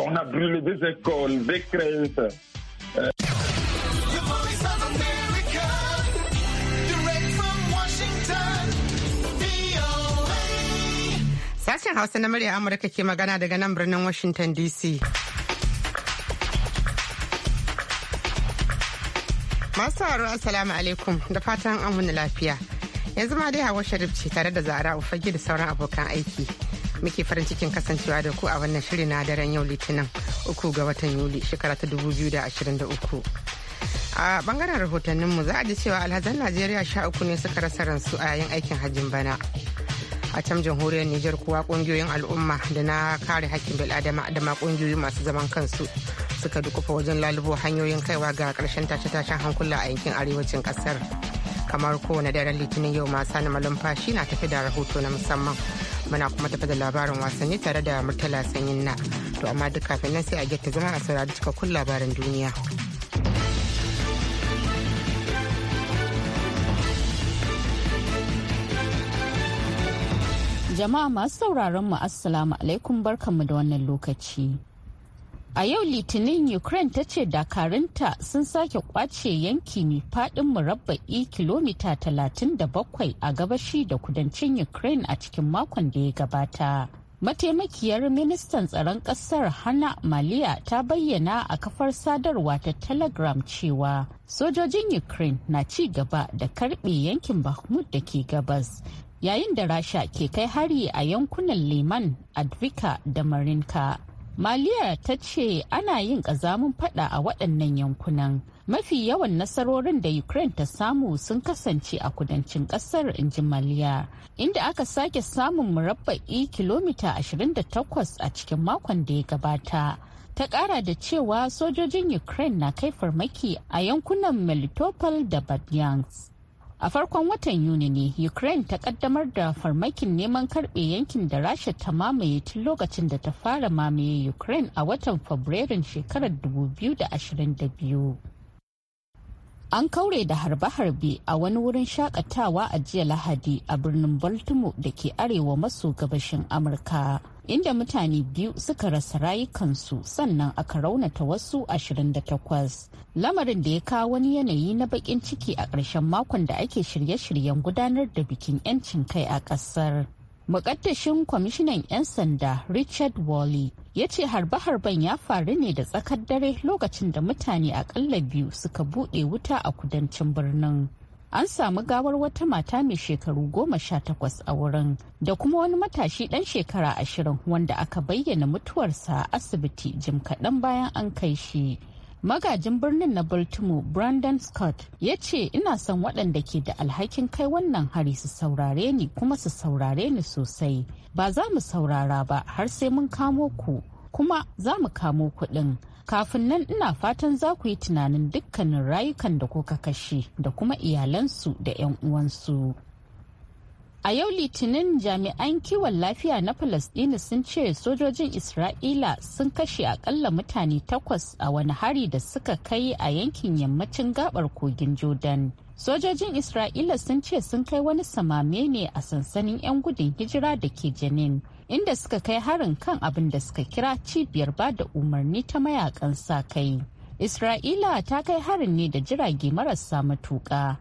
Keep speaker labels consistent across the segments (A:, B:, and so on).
A: on a brûlé des écoles, des crèches. Euh,
B: Sashen Hausa na murya Amurka ke magana daga nan birnin Washington DC. Masu haru Assalamu alaikum da fatan an lafiya. Yanzu ma dai Hawa Sharif tare da Zara Ufagi da sauran abokan aiki. muke farin cikin kasancewa da ku a wannan shirin na daren yau litinin uku ga watan yuli shekara ta 2023 a bangaren rahotanninmu za a ji cewa alhazan najeriya sha uku ne suka rasa ransu a yayin aikin hajjin bana a can jamhuriyar Nijar kuwa kungiyoyin al'umma da na kare hakkin bil'adama da ma kungiyoyi masu zaman kansu suka dukufa wajen lalubo hanyoyin kaiwa ga karshen tashe-tashen hankula a yankin arewacin kasar kamar kowane daren litinin yau ma sani malumfashi na tafi da rahoto na musamman muna kuma tafi da labarin wasanni tare da murtala sanyin na to amma duk kafin nan sai a gyatta zama a saurari cikakkun labarin duniya
C: jama'a masu sauraron mu assalamu alaikum barkanmu da wannan lokaci A yau Litinin Ukraine ta ce dakarunta sun sake kwace yanki mai faɗin murabba'i kilomita 37 a gabashi da kudancin Ukraine a cikin makon da ya gabata. Mataimakiyar ministan tsaron ƙasar Hana Maliya ta bayyana a kafar sadarwa ta Telegram cewa sojojin Ukraine na ci gaba da karbe yankin Bakhmut da ke gabas yayin da Rasha ke kai hari a yankunan Liman, Advika da Marinka. maliya ta ce ana yin ƙazamin fada a waɗannan yankunan mafi yawan nasarorin da ukraine ta samu sun kasance a kudancin ƙasar inji maliya inda aka sake samun murabba'i kilomita 28 a cikin makon da ya gabata ta ƙara da cewa sojojin ukraine na kai farmaki a yankunan melitopol da badyansk a farkon watan yuni ne ukraine ta kaddamar da farmakin neman karbe yankin da rasha ta mamaye tun lokacin da ta fara mamaye ukraine a watan fabrairun shekarar 2022 an kaure da harbe-harbe a wani wurin shakatawa a jiya lahadi a birnin baltimore da ke arewa maso gabashin amurka inda mutane biyu suka rasa rayukansu sannan aka raunata wasu 28 lamarin da ya kawo wani yanayi na bakin ciki a ƙarshen makon da ake shirye-shiryen gudanar da bikin 'yancin kai a ƙasar. mukaddashin kwamishinan 'yan sanda richard wally ya ce harbe-harben ya faru ne da tsakar dare lokacin da mutane akalla biyu suka buɗe wuta a kudancin birnin an samu gawar wata mata mai shekaru goma sha takwas a wurin da kuma wani matashi ɗan shekara ashirin wanda aka bayyana mutuwarsa a asibiti jim kaɗan bayan an kai shi magajin birnin na baltimore brandon scott ya ce ina son waɗanda ke da alhakin kai wannan hari su saurare ni kuma su saurare ni sosai ba za mu saurara ba har sai mun kamo ku kuma za mu kamo kuɗin kafin nan ina fatan za ku yi tunanin dukkanin rayukan da kuka kashe da kuma iyalansu da 'yan uwansu A yau Litinin jami'an kiwon lafiya na Falasɗini sun ce sojojin Isra'ila sun kashe akalla mutane takwas a wani hari da suka kai a yankin yammacin gabar kogin Jordan. Sojojin Isra'ila sun ce sun kai wani samame ne a sansanin 'yan gudun hijira da ke Janin, inda suka kai harin kan abin da suka kira cibiyar ba da umarni ta mayakan sa kai. Isra'ila ta kai harin ne da jirage marasa matuƙa.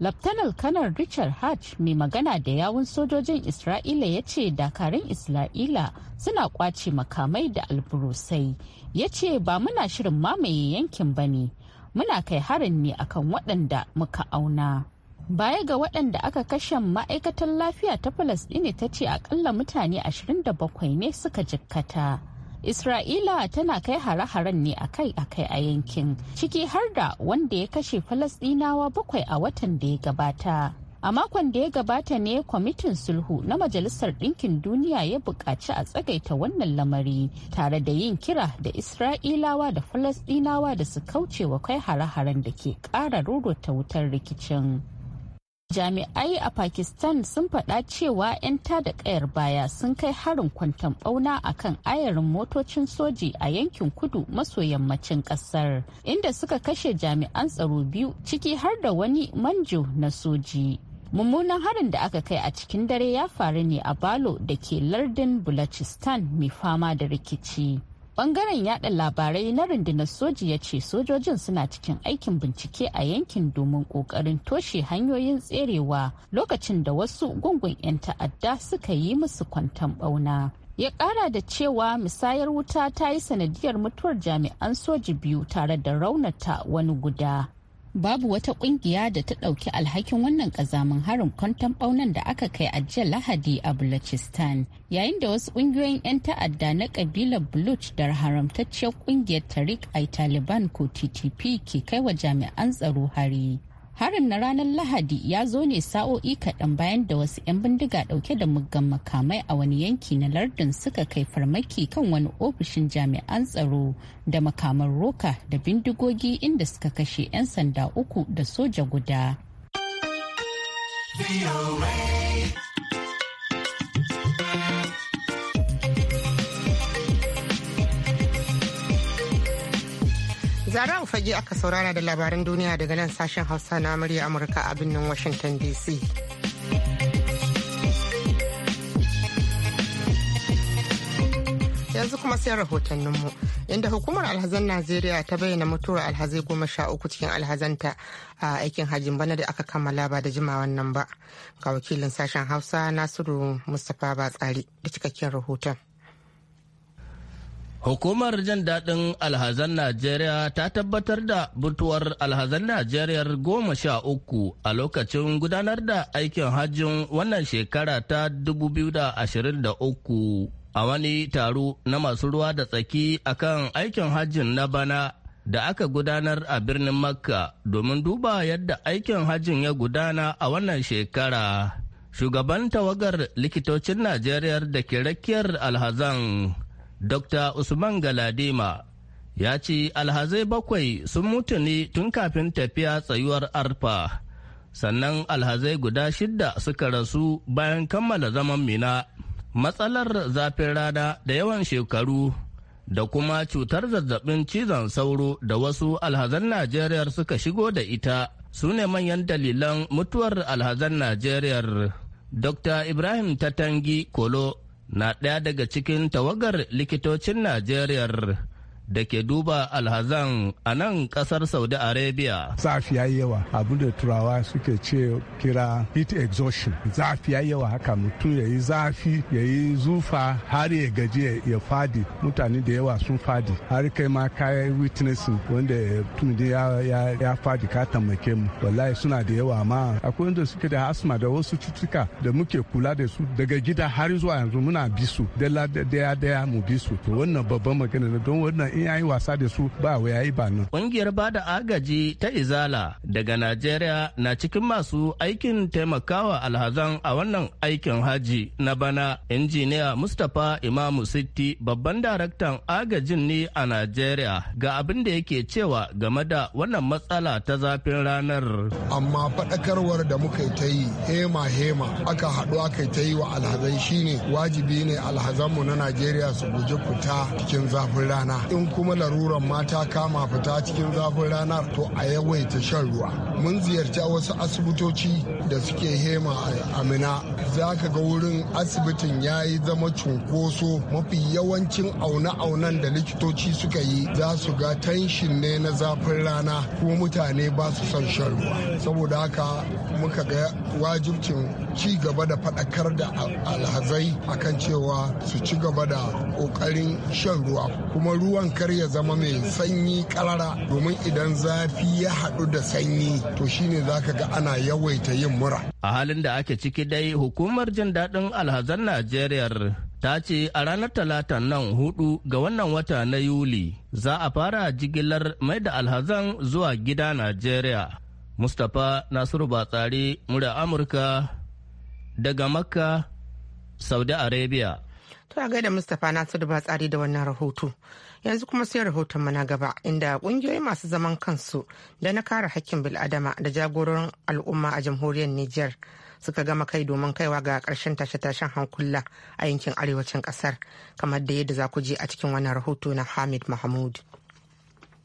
C: Laftanar Kanar Richard Hatch mai magana da yawun sojojin Isra'ila ya ce dakarun Isra'ila suna kwace makamai da alburusai. Ya ce ba muna shirin mamaye yankin ba ne, muna kai harin ne akan waɗanda muka auna. Baya ga waɗanda aka kashe ma'aikatan lafiya ta Falasɗini ta ce akalla mutane 27 ne suka jikkata. Isra'ila tana kai hare-haren ne akai-akai a yankin, ciki har da wanda ya kashe Falasɗinawa bakwai a watan da ya gabata. A makon da ya gabata ne kwamitin sulhu na Majalisar Ɗinkin Duniya ya buƙaci a tsagaita wannan lamari tare da yin kira da Isra'ilawa da Falasɗinawa da su kauce wa kai hare-haren da ke ƙara rurrota wutar rikicin. jami'ai a pakistan sun faɗa cewa 'yan tada kayar baya sun kai harin kwanton ɓauna a kan ayarin motocin soji a yankin kudu maso yammacin ƙasar inda suka kashe jami'an tsaro biyu ciki har da wani manjo na soji mummunan harin da aka kai a cikin dare ya faru ne a balo da ke lardin bulachistan mai fama da rikici bangaren yada labarai na rundunar soji ya ce sojojin suna cikin aikin bincike a yankin domin kokarin toshe hanyoyin tserewa lokacin da wasu gungun 'yan ta'adda suka yi musu kwantan bauna ya kara da cewa misayar wuta ta yi sanadiyar mutuwar jami'an soji biyu tare da raunata wani guda babu wata kungiya da ta ɗauki alhakin wannan ƙazamin harin kwantan ɓaunan da aka kai a jiya lahadi a balochistan yayin da wasu ƙungiyoyin 'yan ta'adda na ƙabilar bluch da haramtacciyar ƙungiyar tariq ai taliban ko ttp ke kai wa jami'an tsaro hari harin na ranar lahadi ya zo ne sa'o'i kaɗan bayan da wasu 'yan bindiga ɗauke da muggan makamai a wani yanki na lardin suka kai farmaki kan wani ofishin jami'an tsaro da makaman roka da bindigogi inda suka kashe 'yan sanda uku da soja guda.
B: Zara fage aka saurara da labaran duniya daga nan sashen Hausa na murya Amurka a birnin Washington DC. yanzu kuma sai rahotanninmu inda hukumar alhazan najeriya ta bayyana mutuwar alhazai goma sha uku cikin alhazanta a aikin Hajin bana da aka kammala ba da jimawan nan ba ga wakilin sashen hausa nasiru mustapha batsari da cikakken rahoton
D: Hukumar jin daɗin alhazan Najeriya ta tabbatar da mutuwar alhazan Najeriya goma sha uku a lokacin gudanar da aikin hajjin wannan shekara ta 2023 a wani taro na masu ruwa da tsaki akan aikin hajjin na bana da aka gudanar a birnin Makka domin duba yadda aikin hajjin ya gudana a wannan shekara. Shugaban tawagar likitocin Najeriya da ke rakiyar alhazan. Dr. Usman Galadima ya ce alhazai bakwai sun mutu ne tun kafin tafiya tsayuwar arfa sannan alhazai guda shidda suka rasu bayan kammala zaman mina matsalar zafin rana da yawan shekaru da kuma cutar zazzabin cizon sauro da wasu alhazan najeriya suka shigo da ita su ne manyan dalilan mutuwar alhazan najeriya dr ibrahim tatangi kolo na ɗaya daga cikin tawagar likitocin Najeriya da ke duba alhazan a nan kasar saudi arabia
E: zafi ya yawa abu da turawa suke ce kira heat exhaustion zafi ya yawa haka mutum ya yi zafi ya yi zufa har ya gaji ya fadi mutane da yawa sun fadi har kai ma kayan witnessing wanda mutum ya fadi ka tamake mu wallahi suna da yawa ma akwai wanda suke da asma da wasu cutuka da muke kula da su daga gida har zuwa yanzu muna bisu dala daya daya mu bisu to wannan babban magana don
D: wannan in yi wasa da su ba wa yayi ba nan ba bada agaji ta izala daga najeriya na cikin masu aikin taimakawa alhazan a wannan aikin haji na bana injiniya mustapha imamu sitti babban daraktan agajin ne a najeriya ga abin da yake cewa game da wannan matsala ta zafin ranar
E: amma faɗakarwar da muka ta yi hema hema aka haɗu aka ta yi wa alhazai shine wajibi ne alhazanmu na najeriya su guji fita cikin zafin rana in kuma laruran mata kama fita cikin zafin rana to a yawaita shan ruwa mun ziyarci wasu asibitoci da suke hema a amina za ka ga wurin asibitin ya yi zama cunkoso mafi yawancin aune-aunen da likitoci suka yi za su ga tanshin ne na zafin rana kuma mutane ba su son shan ruwa saboda haka muka ga wajibcin ci gaba da faɗakar da alhazai akan cewa su ci gaba da ƙoƙarin shan ruwa kuma ruwan kar ya zama mai sanyi karara domin idan zafi ya haɗu da sanyi to shine zaka ga ana yawaita yin mura
D: a halin da ake ciki dai hukumar jin daɗin alhazan najeriya ta ce a ranar talata nan hudu ga wannan wata na yuli za a fara jigilar mai da alhazan zuwa gida najeriya mustapha nasiru batsari murya amurka daga makka saudi arabia
B: To a gaida Mustapha Nasiru ba tsari da wannan rahoto. Yanzu kuma sai rahoton mana gaba inda kungiyoyi masu zaman kansu da na kare hakkin bil'adama da jagororin al'umma a jamhuriyar Nijar suka gama kai domin kaiwa ga ƙarshen tashe-tashen hankula a yankin arewacin ƙasar kamar da yadda za ku je a cikin wannan rahoto na Hamid Mahmud.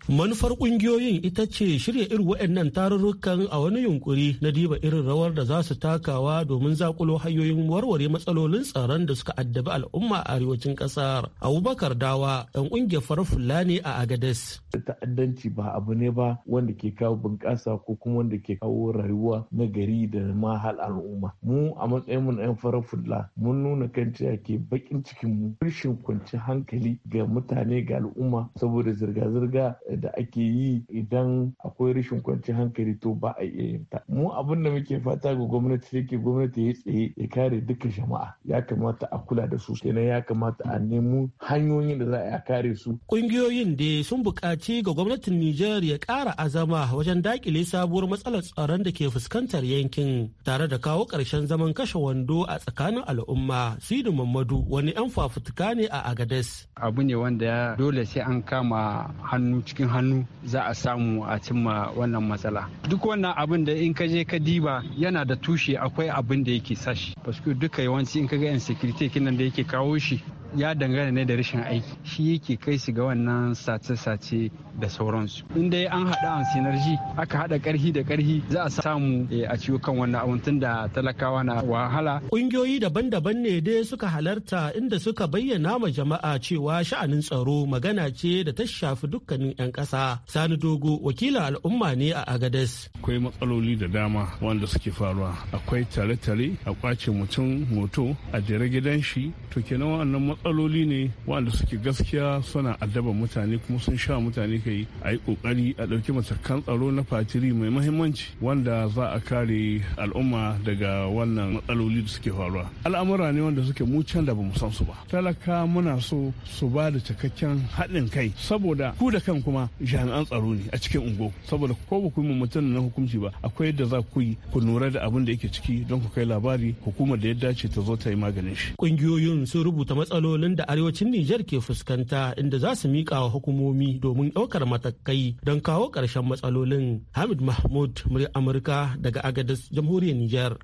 F: manufar kungiyoyin ita ce shirya irin waɗannan tarurrukan a wani yunkuri na diba irin rawar da za su takawa domin zakulo hanyoyin warware matsalolin tsaron da suka addabi al'umma a arewacin ƙasar abubakar dawa ɗan ƙungiyar farar fulani a agades ta'addanci ba abu ne ba wanda ke kawo bunƙasa ko kuma wanda ke kawo rayuwa na gari da ma al'umma mu a matsayin mu na yan farar fulla mun nuna kan cewa ke bakin cikin mu rashin kwanci hankali ga mutane ga al'umma saboda zirga-zirga da ake yi idan akwai rashin kwanciyar hankali to ba a iya yin ta mu abin da muke fata ga gwamnati ke gwamnati ya tsaye ya kare duka jama'a ya kamata a kula da su kenan ya kamata a nemo hanyoyin da za a kare su kungiyoyin da sun buƙaci ga gwamnatin Nijar ya ƙara azama wajen daƙile sabuwar matsalar tsaron da ke fuskantar yankin tare da kawo ƙarshen zaman kashe wando a tsakanin al'umma Sidi Mamadu wani 'yan fafutuka ne a Agades abu ne wanda dole sai an kama hannu cikin aikin hannu za a samu a cimma wannan matsala duk wannan
G: abin da in ka je ka diba yana da tushe akwai abin da yake sashi paske duka yawanci in ka ga yan insecurity kinan da yake kawo shi ya dangana ne da rashin aiki shi yake kai su ga wannan sace-sace da sauransu inda an haɗa an sinarji aka haɗa ƙarfi da ƙarfi za a samu eh, a ciwo kan wannan abun tun da talakawa na wahala
F: ƙungiyoyi daban-daban ne dai suka halarta inda suka bayyana ma jama'a cewa sha'anin tsaro magana ce da ta shafi dukkanin 'yan ƙasa sani dogo wakila al'umma ne a agades akwai matsaloli da dama wanda suke faruwa akwai tare-tare a kwace mutum moto a
E: jere gidan shi to kenan wannan matsaloli ne wanda suke gaskiya suna addaba mutane kuma sun sha mutane kai a yi kokari a ɗauki matakan tsaro na fatiri mai mahimmanci wanda za a kare al'umma daga wannan matsaloli da suke faruwa al'amura ne wanda suke mu da bamu san su ba talaka muna so su ba da cikakken haɗin kai saboda ku da kan kuma jami'an tsaro ne a cikin ungo saboda ko ba ku yi mutum na hukunci ba akwai yadda za ku yi ku lura da abin da yake ciki don ku kai labari hukumar da ya dace ta zo ta yi maganin
F: shi ƙungiyoyin sun rubuta matsaloli. matsalolin da arewacin Nijar ke fuskanta inda za su miƙa wa hukumomi domin ɗaukar matakai don kawo ƙarshen matsalolin. Hamid Mahmud, murya Amurka daga Agadez, Jamhuriyar Nijar.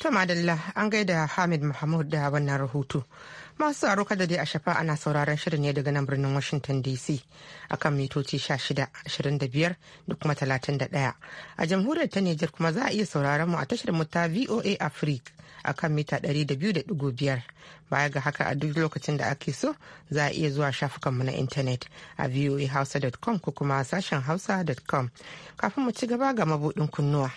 B: ta madalla an gaida Hamid Mahmud da wannan rahoto. Masu tsaro kada dai a shafa ana sauraron shirin ne daga nan birnin Washington DC akan mitoci 16-25 da kuma 31. A jamhuriyar ta Nijar kuma za a iya sauraron mu a tashar mu ta VOA Africa a kan mita 200.5 baya ga haka a duk lokacin da ake so za a iya zuwa shafukanmu na intanet a voahausa.com ko kuma sashen hausa.com kafin mu ci gaba ga mabudin kunnuwa.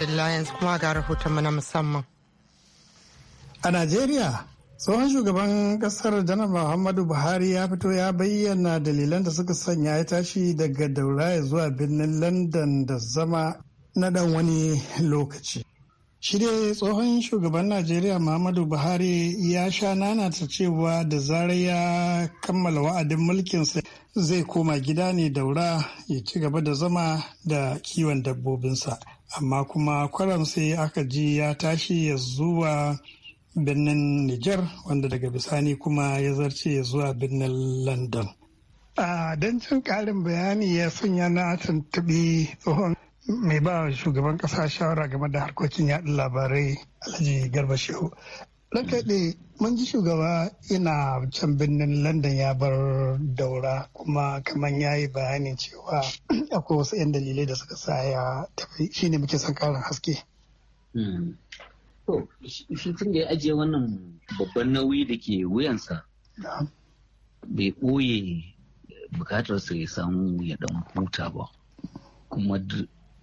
B: madalla yanzu kuma ga rahotonmu na musamman. A
G: Najeriya, tsohon shugaban kasar janar Muhammadu Buhari ya fito ya bayyana dalilan da suka sanya ya tashi daga dauraya zuwa birnin London da zama na dan wani lokaci. Shi ne tsohon shugaban Najeriya Muhammadu Buhari ya sha nanata cewa da zarar ya kammala wa'adin mulkinsa zai koma gida ne daura ya ci gaba da zama da kiwon dabbobinsa. amma kuma kwaran sai aka ji ya tashi ya zuwa birnin Nijar wanda daga bisani kuma ya zarce ya zuwa birnin London. A don cin ƙarin bayani ya sanya na tuntuɓi tsohon mai ba shugaban ƙasa shawara game da harkokin yaɗin labarai Alhaji Garba Shehu. Rakaɗe mun ji shugaba yana can birnin London ya bar daura kuma kamar ya yi bayanin cewa akwai wasu 'yan dalilai da suka sa ya tafi ne muke son karin haske. Hmm. shi tun da ya ajiye
H: wannan babban nauyi da ke wuyansa bai ɓoye bukatar sa ya samu ya ɗan huta ba. Kuma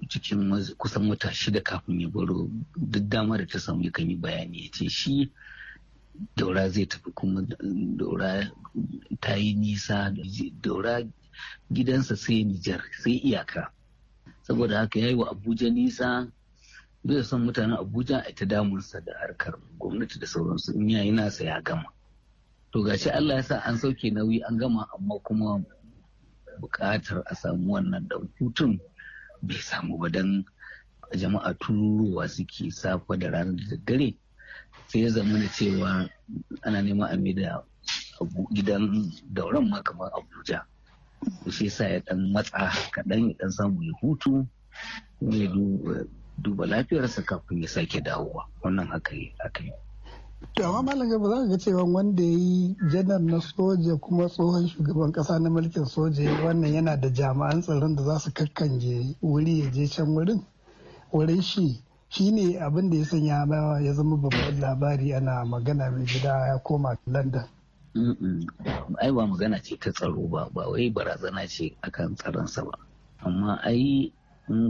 H: cikin kusan wata shida kafin ya baro duk dama da ta samu yakan yi bayani ya ce shi daura zai tafi kuma daura ta yi nisa daura gidansa sai nijar sai iyaka saboda haka ya yi wa abuja nisa bai son mutanen abuja a ta damunsa da harkar gwamnati da sauransu in yayi nasa ya gama to gashi allah ya sa an sauke nauyi an gama amma kuma buƙatar a samu wannan dan bai samu ba don jama'a tururuwa suke safa da ranar da daddare sai ya zama da cewa ana nema a da gidan dauran ma kamar abuja shi sa ya dan matsa kaɗan ya dan samu ya hutu ya duba lafiyarsa kafin ya sake dawowa wannan haka yi
G: to amma malam ba za ka ga cewa wanda ya yi janar na soja kuma tsohon shugaban kasa na mulkin soja wannan yana da jami'an tsaron da za su kakkanje wuri ya je can wurin wurin shi shi ne abin da ya sanya ya zama babban labari ana magana mai gida ya koma london
H: ai ba magana ce ta tsaro ba ba wai barazana ce akan tsaronsa ba amma ai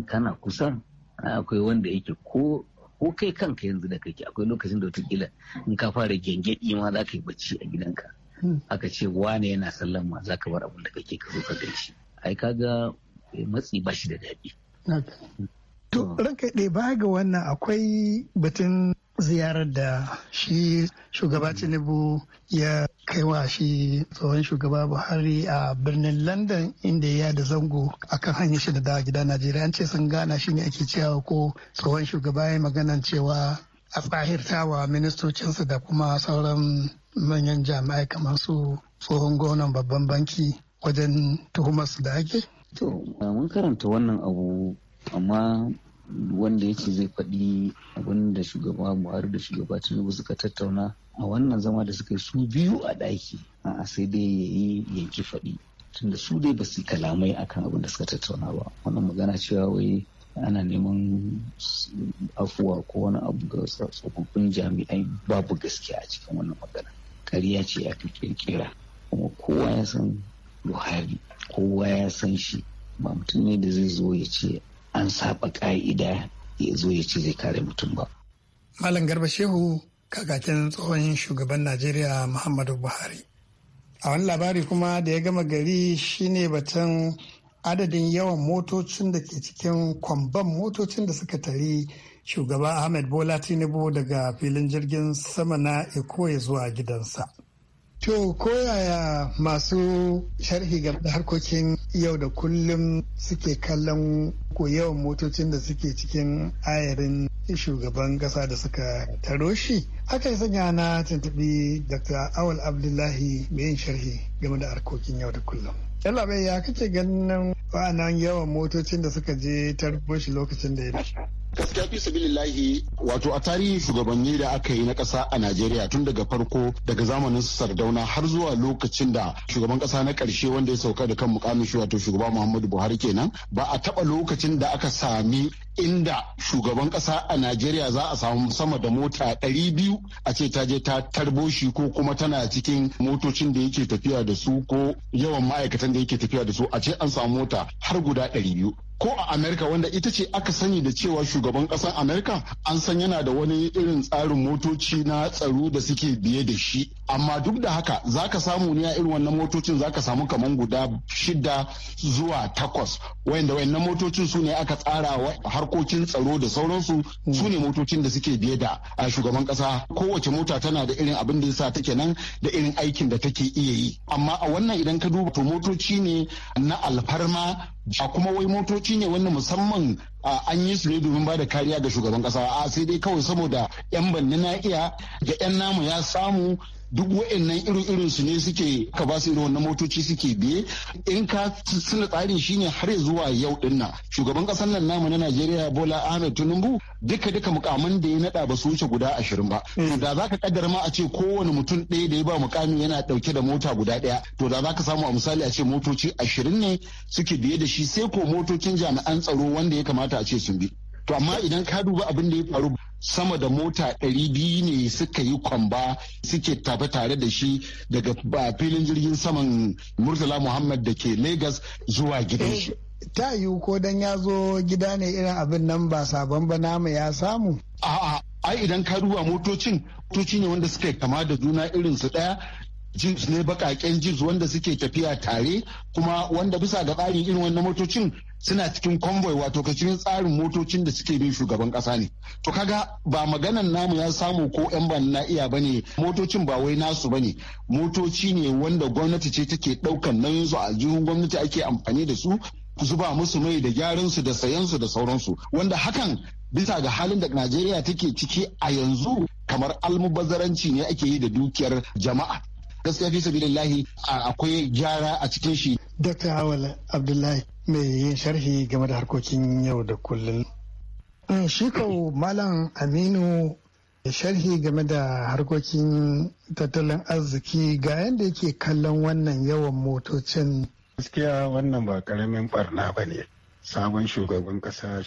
H: kana kusan akwai wanda yake ko ko kai kanka yanzu da kake akwai lokacin da wataƙila in ka fara gyangyaɗi ma za ka yi bacci a gidanka hmm. aka ce wane yana sallama za ka bar abin da kake ka zo ka gaishe ai kaga eh, matsi ba shi da
G: daɗi. To hmm. ranka ɗaya baya ga wannan akwai batun ziyarar da shi shugaba tinubu ya kai wa shi tsohon shugaba buhari a birnin london inda ya da zango akan hanyar shi da dawa gida najeriya an ce sun gana shi ne ake cewa ko tsohon shugaba ya maganan cewa a tsahirtawa ministocinsa da kuma sauran manyan jami'ai kamar su tsohon gonan babban banki wajen tuhumarsu da ake? To, mun karanta wannan abu amma
H: wanda ya ce zai faɗi abin da shugaba buhari da shugaba tinubu suka tattauna a wannan zama da suka yi su biyu a ɗaki a sai dai ya yi yanki faɗi tunda su dai ba su kalamai akan abin da suka tattauna ba wannan magana cewa wai ana neman afuwa ko wani abu ga tsofaffin jami'ai babu gaskiya a cikin wannan magana ƙarya ce a fi kirkira kuma kowa ya san buhari kowa ya san shi ba mutum ne da zai zo ya ce an saba ka'ida ya zo ya ci zai kare mutum ba.
G: Malam Garba Shehu kakakin tsohon shugaban Najeriya Muhammadu Buhari. A wani labari kuma da ya gama gari shine batun adadin yawan motocin da ke cikin kwamban motocin da suka tari shugaba Ahmed Bola Tinubu daga filin jirgin sama na Eko ya zuwa gidansa. To koyaya masu sharhi game da harkokin yau da kullum suke kallon ko yawan motocin da suke cikin ayarin shugaban kasa da suka taro shi aka yi sanya na tuntuɓi dr awal abdullahi mai yin sharhi game da harkokin yau da kullum yalabai ya kake ganin wa'annan yawan motocin da suka je tarbo shi lokacin da ya
E: gaskiya fi sabilillahi wato a tarihin shugabanni da aka yi na ƙasa a Najeriya tun daga farko daga zamanin Sardauna har zuwa lokacin da shugaban ƙasa na ƙarshe wanda ya sauka da kan mukamin shi wato shugaba Muhammadu Buhari kenan ba a taba lokacin da aka sami inda shugaban ƙasa a Najeriya za a samu sama da mota ɗari biyu a ce ta je ta tarbo shi ko kuma tana cikin motocin da yake tafiya da su ko yawan ma'aikatan da yake tafiya da su a ce an samu mota har guda ɗari biyu ko a amerika wanda ita ce aka sani da cewa shugaban kasar amerika an san yana da wani irin tsarin motoci na tsaro da suke biye da shi amma duk da haka za ka samu ne a irin wannan motocin za ka samu kaman guda shida zuwa takwas wayanda wayannan motocin su ne aka tsara wa harkokin tsaro da sauransu su ne motocin da suke biye da a shugaban kasa kowace mota tana da irin abin da ya sa take nan da irin aikin da take iya yi amma a wannan idan ka duba to motoci ne na alfarma A kuma wai motoci ne wanda musamman an yi su ne domin ba da kariya ga shugaban kasa a sai dai kawai saboda yan banni na iya ga yan namu ya samu duk wa'annan irin irin su ne suke ka ba su irin motoci suke biye in ka suna tsarin shine har zuwa yau din shugaban kasar nan namu na Najeriya Bola Ahmed Tinubu duka duka mukamin da ya naɗa ba su wuce guda ashirin ba da za ka kaddara ma a ce kowane mutum ɗaya da ya ba mukami yana ɗauke da mota guda ɗaya to da za ka samu a misali a ce motoci ashirin ne suke biye da shi sai ko motocin jami'an tsaro wanda ya kamata a ce sun bi to amma idan ka duba abin da ya faru sama da mota 200 ne suka yi kwamba suke tafi tare da shi daga filin jirgin saman murtala muhammad da ke lagos zuwa gidan shi eh,
G: ta yiwu ko dan ya zo gida ne irin abin nan ba sabon ba nama ya samu a'a ai idan ka duba motocin motoci ne wanda suka
E: kama da juna irin su daya jibs ne bakaken jibs wanda suke tafiya tare kuma wanda bisa ga tsarin irin wannan motocin suna cikin convoy wato ka cikin tsarin motocin da suke bin shugaban kasa ne to kaga ba maganan namu ya samu ko yan ban na iya bane motocin ba wai nasu bane motoci ne wanda gwamnati ce take daukan nauyin su a jihun gwamnati ake amfani da su zuba musu mai da gyaran su da sayan su da sauransu wanda hakan bisa ga halin da Najeriya take ciki a yanzu kamar almubazzaranci ne ake yi da dukiyar jama'a gaskiya fi sabilillahi
G: akwai gyara a cikin shi dr hawal abdullahi mai yin sharhi game da harkokin yau da kullum shi kawo malam aminu sharhi game da harkokin tattalin arziki ga yadda yake kallon wannan yawan motocin gaskiya wannan ba karamin
A: barna ba ne sabon shugaban kasa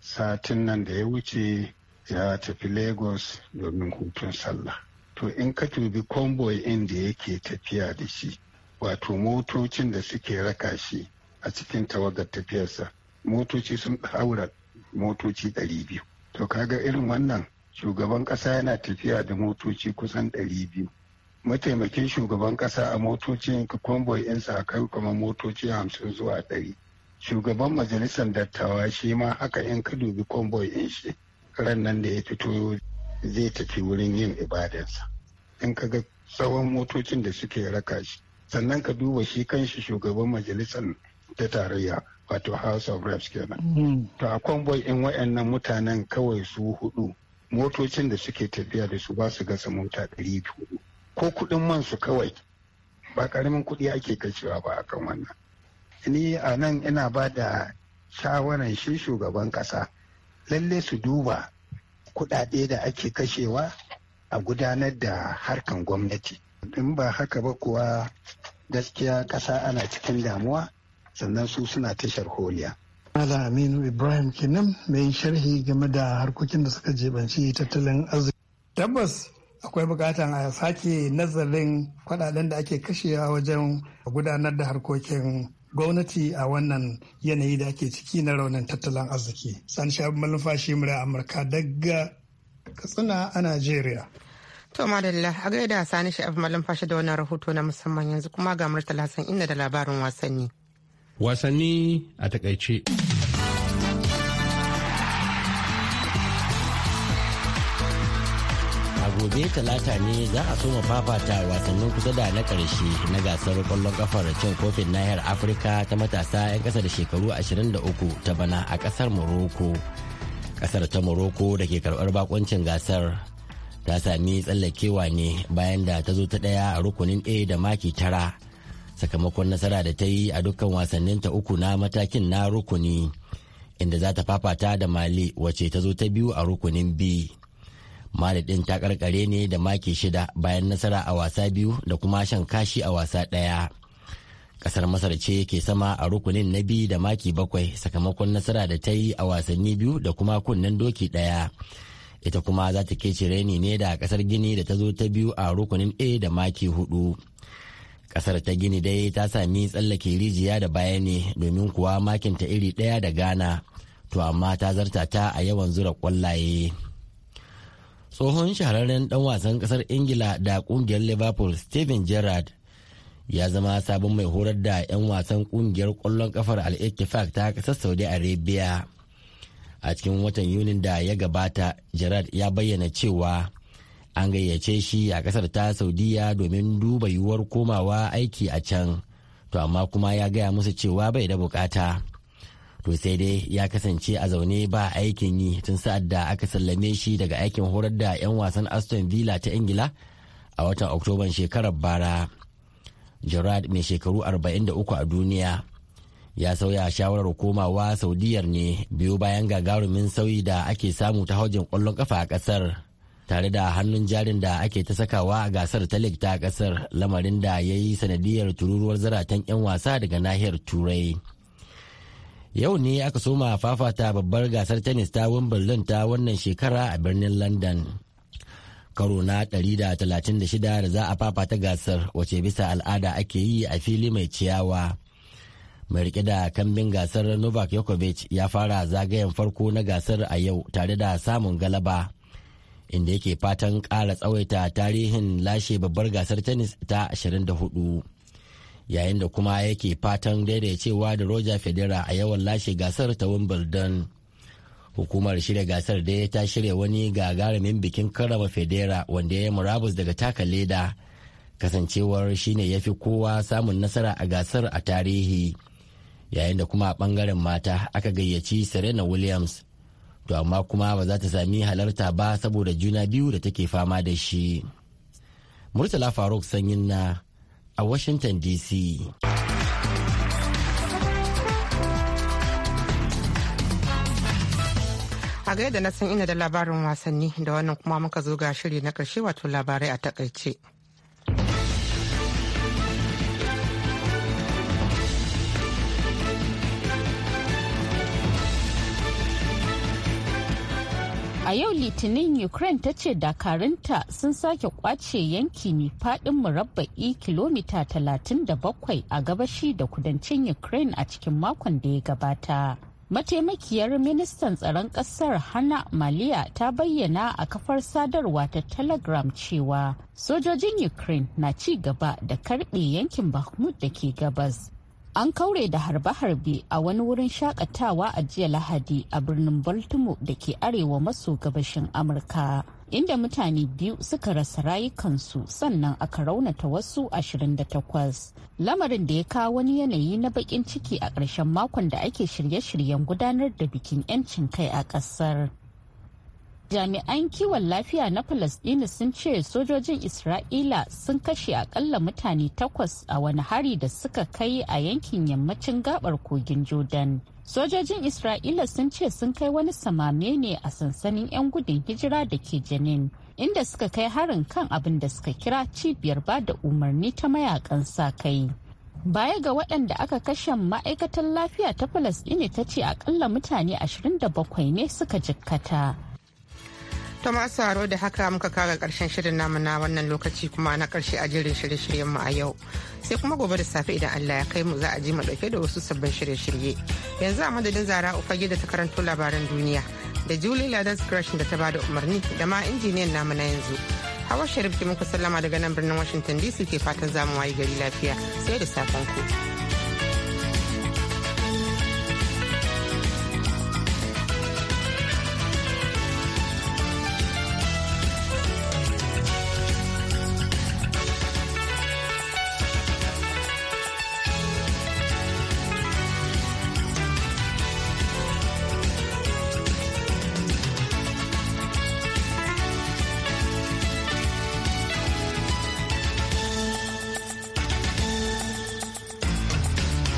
A: satin nan da ya wuce ya tafi lagos domin hutun sallah to in ka dubi convoy in da yake tafiya da shi wato motocin da suke raka shi a cikin tawagar tafiyarsa motoci sun haura motoci 200 to kaga irin wannan shugaban kasa yana tafiya da motoci kusan 200 mataimakin shugaban kasa a motocin convoy ɗinsa a kai kuma motoci 50 zuwa 100 shugaban majalisar dattawa shi ma haka in ka dubi convoy ɗin shi ran nan da ya fito zai tafi wurin yin ibadarsa in ka ga tsawon motocin da suke raka shi sannan ka duba shi kanshi shugaban majalisar ta tarayya wato house of reps kenan hmm. to a convoy in wayannan mutanen kawai su hudu motocin da suke tafiya da su ba su gasa mota ɗari biyu ko kuɗin man su kawai ba karamin kuɗi ake kashewa ba akan wannan ni a nan ina ba da shawaran shi shugaban ƙasa lalle su duba kuɗaɗe da ake kashewa a gudanar da
G: harkan gwamnati
A: in ba haka ba kuwa gaskiya ƙasa ana cikin damuwa sannan su suna tashar holiya.
G: Mala Aminu Ibrahim kenan mai sharhi game da harkokin da suka jebanci tattalin arziki. Tabbas akwai bukatan a sake nazarin kwaɗaɗen da ake kashewa wajen gudanar da harkokin gwamnati a wannan yanayi da ake ciki na raunin tattalin arziki. Sani Shabu Malumfashi mura Amurka daga Katsina a Najeriya.
B: To madalla a gaida Sani Shabu Malumfashi da wannan rahoto na musamman yanzu kuma ga Murtala san inda da labarin wasanni.
I: Wasanni a takaice. gobe talata ne za a soma fafata wasannin kusa da na karshe na gasar kwallon kafar cin kofin nahiyar afirka ta matasa 'yan kasa da shekaru 23 ta bana a kasar morocco kasar ta morocco da ke karbar bakoncin gasar ta sami tsallakewa ne bayan da ta zo ta daya a rukunin a da maki tara sakamakon nasara da ta yi a dukkan wasannin ta uku na matakin na rukuni inda za ta fafata da mali wace ta zo ta biyu a rukunin b mali din ta karkare ne da maki shida bayan nasara a wasa biyu da kuma shan kashi a wasa ɗaya kasar masar ce ke sama a rukunin na biyu da maki bakwai sakamakon nasara da ta yi a wasanni biyu da kuma kunnen doki ɗaya ita kuma za ta kece reni ne da kasar gini da ta zo ta biyu a rukunin a da maki hudu kasar ta gini dai ta sami tsallake rijiya da baya ne domin kuwa makinta iri ɗaya da gana to amma ta zarta ta a yawan zura kwallaye. tsohon shahararren dan wasan kasar ingila da kungiyar liverpool steven gerrard ya zama sabon mai horar da 'yan wasan kungiyar kwallon kafar al ta kasar saudi arabia a cikin watan yunin da ya gabata gerrard ya bayyana cewa an gayyace shi a kasar ta saudiya domin duba yiwuwar komawa aiki a can to amma kuma ya gaya musu cewa bai da bukata to sai dai ya kasance a zaune ba aikin yi tun sa'ad da aka sallame shi daga aikin horar da 'yan wasan aston villa ta ingila a watan oktoban shekarar bara gerard mai shekaru 43 a duniya ya sauya shawarar komawa saudiyar ne biyu bayan gagarumin sauyi da ake samu ta hajjin kwallon kafa a kasar tare da hannun jarin da ake ta sakawa a gasar ta lig ta kasar lamarin da ya yi sanadiyar tururuwar zaratan 'yan wasa daga nahiyar turai yau ne aka soma fafata babbar gasar tennis ta wimbledon ta wannan shekara a birnin london karo na 136 da za a fafata gasar wace bisa al'ada ake yi a fili mai ciyawa mai rike da kambin gasar novak yokovic ya fara zagayen farko na gasar a yau tare da samun galaba inda yake fatan ƙara tsawaita tarihin lashe babbar gasar tennis ta 24 yayin da kuma yake fatan daidaicewa da roger federer a yawan lashe gasar ta wimbledon hukumar shirya gasar da ta shirya wani gagarumin bikin karrama federa wanda ya yi murabus daga taka leda kasancewar shine ya fi kowa samun nasara a gasar a tarihi yayin da kuma a bangaren mata aka gayyaci serena williams to amma kuma ba za ta sami halarta ba saboda juna biyu da take fama da shi murtala faruk sanyin na a Washington DC.
B: A gaida na san ina da labarin wasanni da wannan kuma muka zo ga shiri na ƙarshe wato labarai a takaice.
C: A yau Litinin Ukraine ta ce dakarunta sun sake kwace yanki mai faɗin murabba'i kilomita 37 a gabashi da kudancin Ukraine a cikin makon da ya gabata. Mataimakiyar ministan tsaron ƙasar Hana Maliya ta bayyana a kafar sadarwa ta Telegram cewa sojojin Ukraine na ci gaba da karɓe yankin Bakhmut da ke gabas an kaure da harbe-harbe a wani wurin shakatawa a jiya lahadi a birnin baltimore da ke arewa maso gabashin amurka inda mutane biyu suka rasa rayukansu sannan aka raunata wasu 28 lamarin da ya kawo wani yanayi na bakin ciki a ƙarshen makon da ake shirye-shiryen gudanar da bikin 'yancin kai a ƙasar jami'an kiwon lafiya na palestina sun ce sojojin isra'ila sun kashe akalla mutane takwas a wani hari da suka kai a yankin yammacin gabar kogin jordan sojojin isra'ila sun ce sun kai wani samame ne a sansanin 'yan gudun hijira da ke janin inda suka kai harin kan abin da suka kira cibiyar ba da umarni ta mayakan sa kai baya ga waɗanda aka kashe ma'aikatan lafiya ta palestina ta ce akalla mutane 27 ne suka jikkata
B: ta masu haro da haka muka kaga karshen shirin namu na wannan lokaci kuma na karshe a jirin shirye-shiryen mu a yau sai kuma gobe da safe idan Allah ya kai mu za a ji mu dauke da wasu sabbin shirye-shirye yanzu a madadin zara ufage da ta karanto labaran duniya da Julie Ladas Gresham da ta bada umarni da ma injiniyan namu na yanzu Hawa Sharif ke muku sallama daga nan birnin Washington DC ke fatan zamu wayi gari lafiya sai da safen ku.